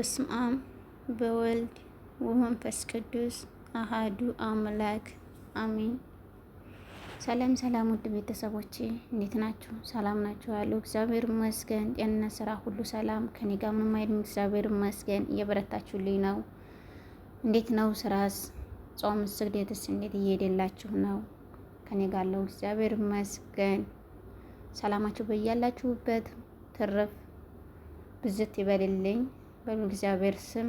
በስመ አብ በወልድ ወመንፈስ ቅዱስ አሃዱ አምላክ አሚን ሰላም ሰላም፣ ውድ ቤተሰቦች እንዴት ናችሁ? ሰላም ናችሁ? ያለው እግዚአብሔር ይመስገን። ጤንነት ስራ ሁሉ ሰላም ከኔ ጋር ምንም አይልም። እግዚአብሔር ይመስገን። እየበረታችሁልኝ ነው። እንዴት ነው ስራስ? ጾም ስግደትስ እንዴት እየሄደላችሁ ነው? ከኔ ጋር ያለው እግዚአብሔር ይመስገን። ሰላማችሁ በያላችሁበት ትርፍ ብዝት ይበልልኝ። በሉ እግዚአብሔር ስም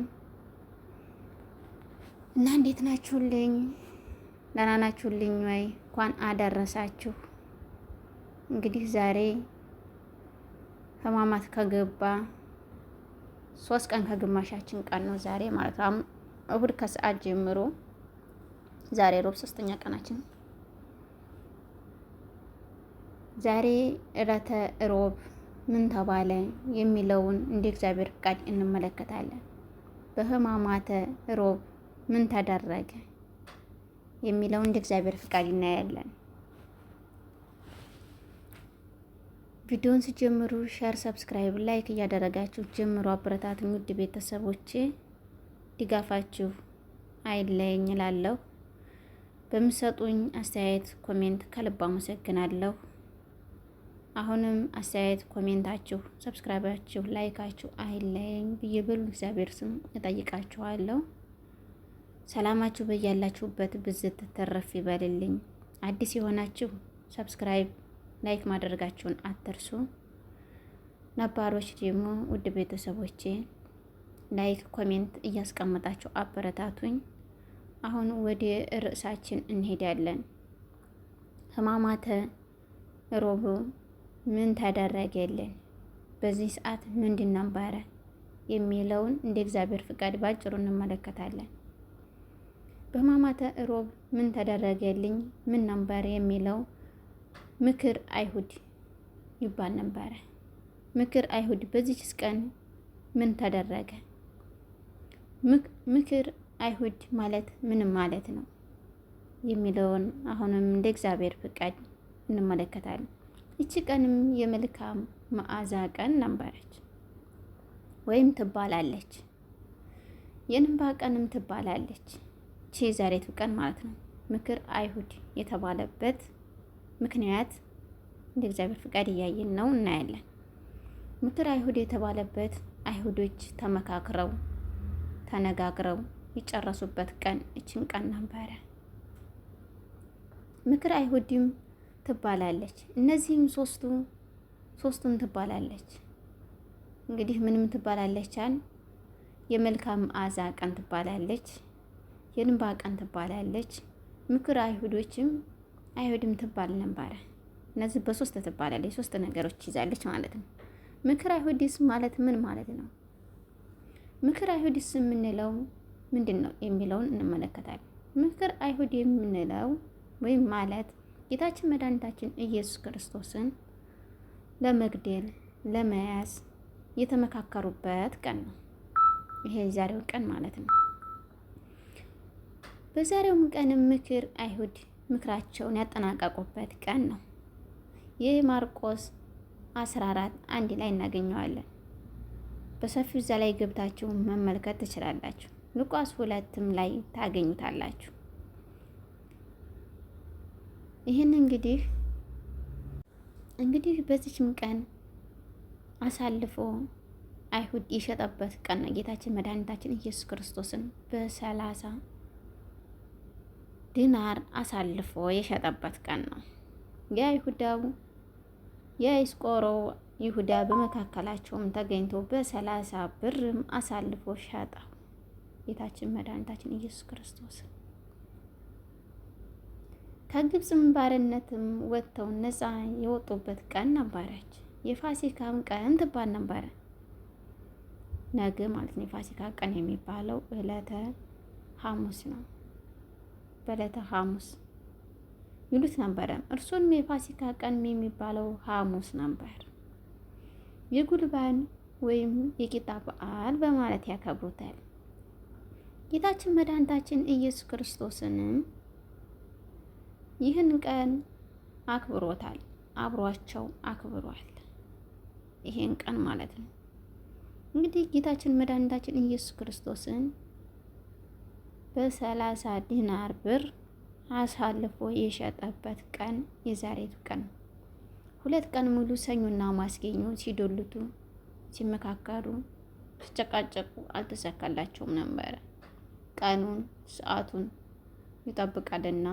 እና እንዴት ናችሁልኝ? ደህና ናችሁልኝ ወይ? እንኳን አደረሳችሁ። እንግዲህ ዛሬ ህማማት ከገባ ሶስት ቀን ከግማሻችን ቀን ነው ዛሬ ማለት ነው። እሁድ ከሰዓት ጀምሮ ዛሬ ሮብ ሶስተኛ ቀናችን ዛሬ ዕለተ ሮብ ምን ተባለ የሚለውን እንደ እግዚአብሔር ፍቃድ እንመለከታለን። በህማማተ ሮብ ምን ተደረገ የሚለውን እንደ እግዚአብሔር ፍቃድ እናያለን። ቪዲዮን ሲጀምሩ ሼር፣ ሰብስክራይብ፣ ላይክ እያደረጋችሁ ጀምሩ። አበረታቱኝ ውድ ቤተሰቦቼ፣ ድጋፋችሁ አይለኝ እላለሁ። በምሰጡኝ አስተያየት ኮሜንት ከልብ አመሰግናለሁ። አሁንም አስተያየት ኮሜንታችሁ፣ ሰብስክራይባችሁ፣ ላይካችሁ አይለኝ ብዬ በሉ እግዚአብሔር ስም እጠይቃችኋለሁ። ሰላማችሁ በያላችሁበት ብዝት ተረፍ ይበልልኝ። አዲስ የሆናችሁ ሰብስክራይብ፣ ላይክ ማድረጋችሁን አትርሱ። ነባሮች ደግሞ ውድ ቤተሰቦቼ ላይክ፣ ኮሜንት እያስቀመጣችሁ አበረታቱኝ። አሁን ወደ ርዕሳችን እንሄዳለን። ህማማተ ሮቡ ምን ተደረገልን፣ በዚህ ሰዓት ምንድን ነበረ የሚለውን እንደ እግዚአብሔር ፍቃድ ባጭሩ እንመለከታለን። በሕማማተ ሮብ ምን ተደረገልኝ፣ ምን ነበር የሚለው ምክር አይሁድ ይባል ነበረ። ምክር አይሁድ በዚህ ቀን ምን ተደረገ? ምክር አይሁድ ማለት ምንም ማለት ነው የሚለውን አሁንም እንደ እግዚአብሔር ፍቃድ እንመለከታለን። ይቺ ቀንም የመልካም መዓዛ ቀን ነበረች ወይም ትባላለች። የንባ ቀንም ትባላለች። ቺ ዛሬቱ ቀን ማለት ነው። ምክር አይሁድ የተባለበት ምክንያት እንደ እግዚአብሔር ፍቃድ እያየን ነው እናያለን። ምክር አይሁድ የተባለበት አይሁዶች ተመካክረው ተነጋግረው የጨረሱበት ቀን እችን ቀን ነበረ። ምክር አይሁድም ትባላለች። እነዚህም ሶስቱ ሶስቱን ትባላለች። እንግዲህ ምንም ትባላለች አን የመልካም አዛ ቀን ትባላለች፣ የንባ ቀን ትባላለች፣ ምክር አይሁዶችም አይሁድም ትባል ነበረ። እነዚህ በሶስት ትባላለች፣ ሶስት ነገሮች ይዛለች ማለት ነው። ምክር አይሁዲስ ማለት ምን ማለት ነው? ምክር አይሁዲስ የምንለው ምንድን ነው የሚለውን እንመለከታለን። ምክር አይሁድ የምንለው ወይም ማለት ጌታችን መድኃኒታችን ኢየሱስ ክርስቶስን ለመግደል ለመያዝ የተመካከሩበት ቀን ነው። ይሄ የዛሬው ቀን ማለት ነው። በዛሬውም ቀን ምክር አይሁድ ምክራቸውን ያጠናቀቁበት ቀን ነው። ይህ ማርቆስ 14 አንድ ላይ እናገኘዋለን። በሰፊው እዛ ላይ ገብታችሁ መመልከት ትችላላችሁ። ሉቃስ ሁለትም ላይ ታገኙታላችሁ። ይህን እንግዲህ እንግዲህ በዚችም ቀን አሳልፎ አይሁድ የሸጠበት ቀን ነው። ጌታችን መድኃኒታችን ኢየሱስ ክርስቶስን በሰላሳ ዲናር አሳልፎ የሸጠበት ቀን ነው። የአይሁዳው የአስቆሮ ይሁዳ በመካከላቸውም ተገኝቶ በሰላሳ ብርም አሳልፎ ሸጠው ጌታችን መድኃኒታችን ኢየሱስ ክርስቶስን ከግብፅም ባርነትም ወጥተው ነፃ የወጡበት ቀን ነበረች። የፋሲካም ቀን ትባል ነበረ። ነገ ማለት ነው የፋሲካ ቀን የሚባለው እለተ ሐሙስ ነው። በዕለተ ሐሙስ ይሉት ነበረ። እርሱም የፋሲካ ቀን የሚባለው ሐሙስ ነበር። የጉልባን ወይም የቂጣ በዓል በማለት ያከብሩታል። ጌታችን መድኃኒታችን ኢየሱስ ክርስቶስንም ይህን ቀን አክብሮታል፣ አብሯቸው አክብሯል። ይሄን ቀን ማለት ነው እንግዲህ ጌታችን መድኃኒታችን ኢየሱስ ክርስቶስን በሰላሳ ዲናር ብር አሳልፎ የሸጠበት ቀን የዛሬቱ ቀን ነው። ሁለት ቀን ሙሉ ሰኞና ማክሰኞ ሲዶልቱ፣ ሲመካከሩ፣ ሲጨቃጨቁ አልተሰካላቸውም ነበረ። ቀኑን ሰዓቱን ይጠብቃልና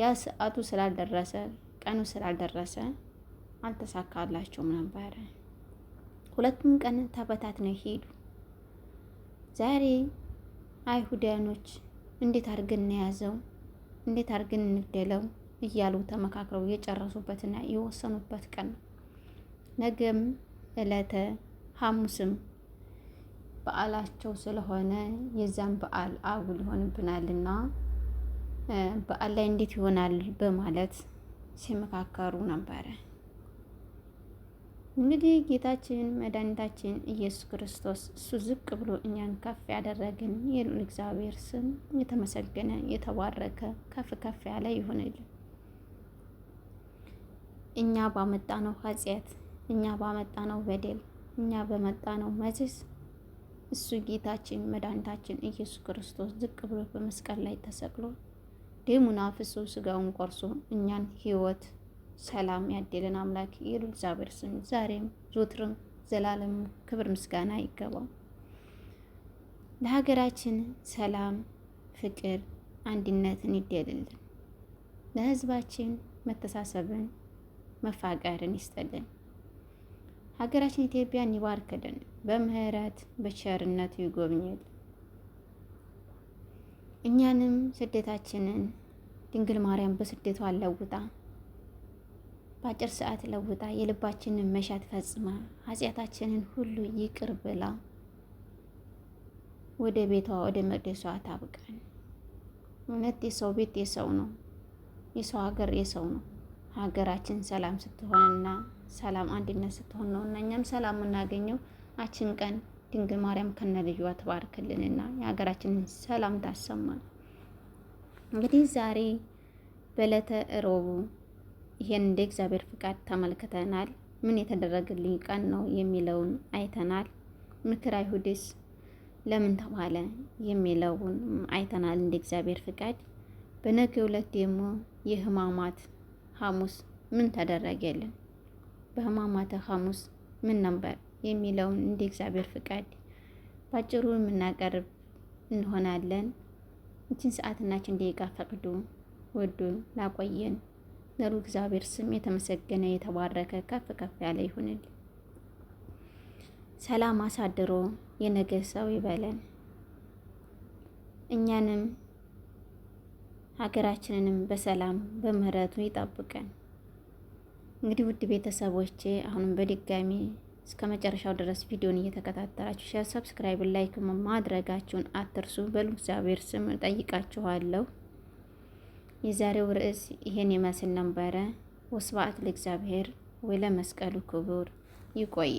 ያ ሰዓቱ ስላልደረሰ ቀኑ ስላልደረሰ አልተሳካላቸውም ነበረ። ሁለቱም ቀን ተበታትነው ሄዱ። ዛሬ አይሁዳኖች እንዴት አድርገን እንያዘው፣ እንዴት አድርገን እንግደለው እያሉ ተመካክረው የጨረሱበትና የወሰኑበት ቀን ነው። ነገም እለተ ሐሙስም በዓላቸው ስለሆነ የዛን በዓል አጉል ይሆንብናልና በዓል ላይ እንዴት ይሆናል በማለት ሲመካከሩ ነበረ። እንግዲህ ጌታችን መድኃኒታችን ኢየሱስ ክርስቶስ እሱ ዝቅ ብሎ እኛን ከፍ ያደረግን የልዑል እግዚአብሔር ስም የተመሰገነ የተባረከ ከፍ ከፍ ያለ ይሆንልን። እኛ ባመጣ ነው ኃጢአት፣ እኛ ባመጣ ነው በደል፣ እኛ በመጣ ነው መዝስ እሱ ጌታችን መድኃኒታችን ኢየሱስ ክርስቶስ ዝቅ ብሎ በመስቀል ላይ ተሰቅሎ ደሙን አፍሶ ስጋውን ቆርሶ እኛን ህይወት ሰላም ያደለን አምላክ የሉ እግዚአብሔር ስም ዛሬም ዞትርም ዘላለም ክብር ምስጋና ይገባው። ለሀገራችን ሰላም፣ ፍቅር፣ አንድነትን ይደልልን። ለህዝባችን መተሳሰብን፣ መፋቀርን ይስጠልን። ሀገራችን ኢትዮጵያን ይባርክልን። በምህረት በቸርነቱ ይጎብኝልን። እኛንም ስደታችንን ድንግል ማርያም በስደቷ ለውጣ በአጭር ሰዓት ለውጣ የልባችንን መሻት ፈጽማ ኃጢአታችንን ሁሉ ይቅር ብላ ወደ ቤቷ ወደ መቅደሷ ታብቃን። እውነት የሰው ቤት የሰው ነው፣ የሰው ሀገር የሰው ነው። ሀገራችን ሰላም ስትሆንና ሰላም አንድነት ስትሆን ነው እና እኛም ሰላም የምናገኘው አችን ቀን ድንግል ማርያም ከነ ልጇ ትባርክልንና የሀገራችንን ሰላም ታሰማ እንግዲህ ዛሬ በዕለተ ሮቡ ይሄን እንደ እግዚአብሔር ፍቃድ ተመልክተናል። ምን የተደረገልኝ ቀን ነው የሚለውን አይተናል። ምክር አይሁድስ ለምን ተባለ የሚለውን አይተናል። እንደ እግዚአብሔር ፍቃድ በነገ ሁለት ደግሞ የህማማት ሐሙስ ምን ተደረገልን? በህማማተ ሐሙስ ምን ነበር የሚለውን እንደ እግዚአብሔር ፍቃድ ባጭሩ የምናቀርብ እንሆናለን። ይችን ሰዓትናችን ይችን ደቂቃ ወዱ ወዶ ላቆየን ለሩ እግዚአብሔር ስም የተመሰገነ የተባረከ ከፍ ከፍ ያለ ይሁንልን። ሰላም አሳድሮ የነገ ሰው ይበለን። እኛንም ሀገራችንንም በሰላም በመረቱ ይጠብቀን። እንግዲህ ውድ ቤተሰቦቼ አሁንም በድጋሚ እስከ መጨረሻው ድረስ ቪዲዮን እየተከታተላችሁ ሼር፣ ሰብስክራይብ፣ ላይክ ማድረጋችሁን አትርሱ። በሉ እግዚአብሔር ስም ጠይቃችኋለሁ። የዛሬው ርዕስ ይሄን ይመስል ነበረ። ወስብሐት ለእግዚአብሔር ወለመስቀሉ ክቡር። ይቆየ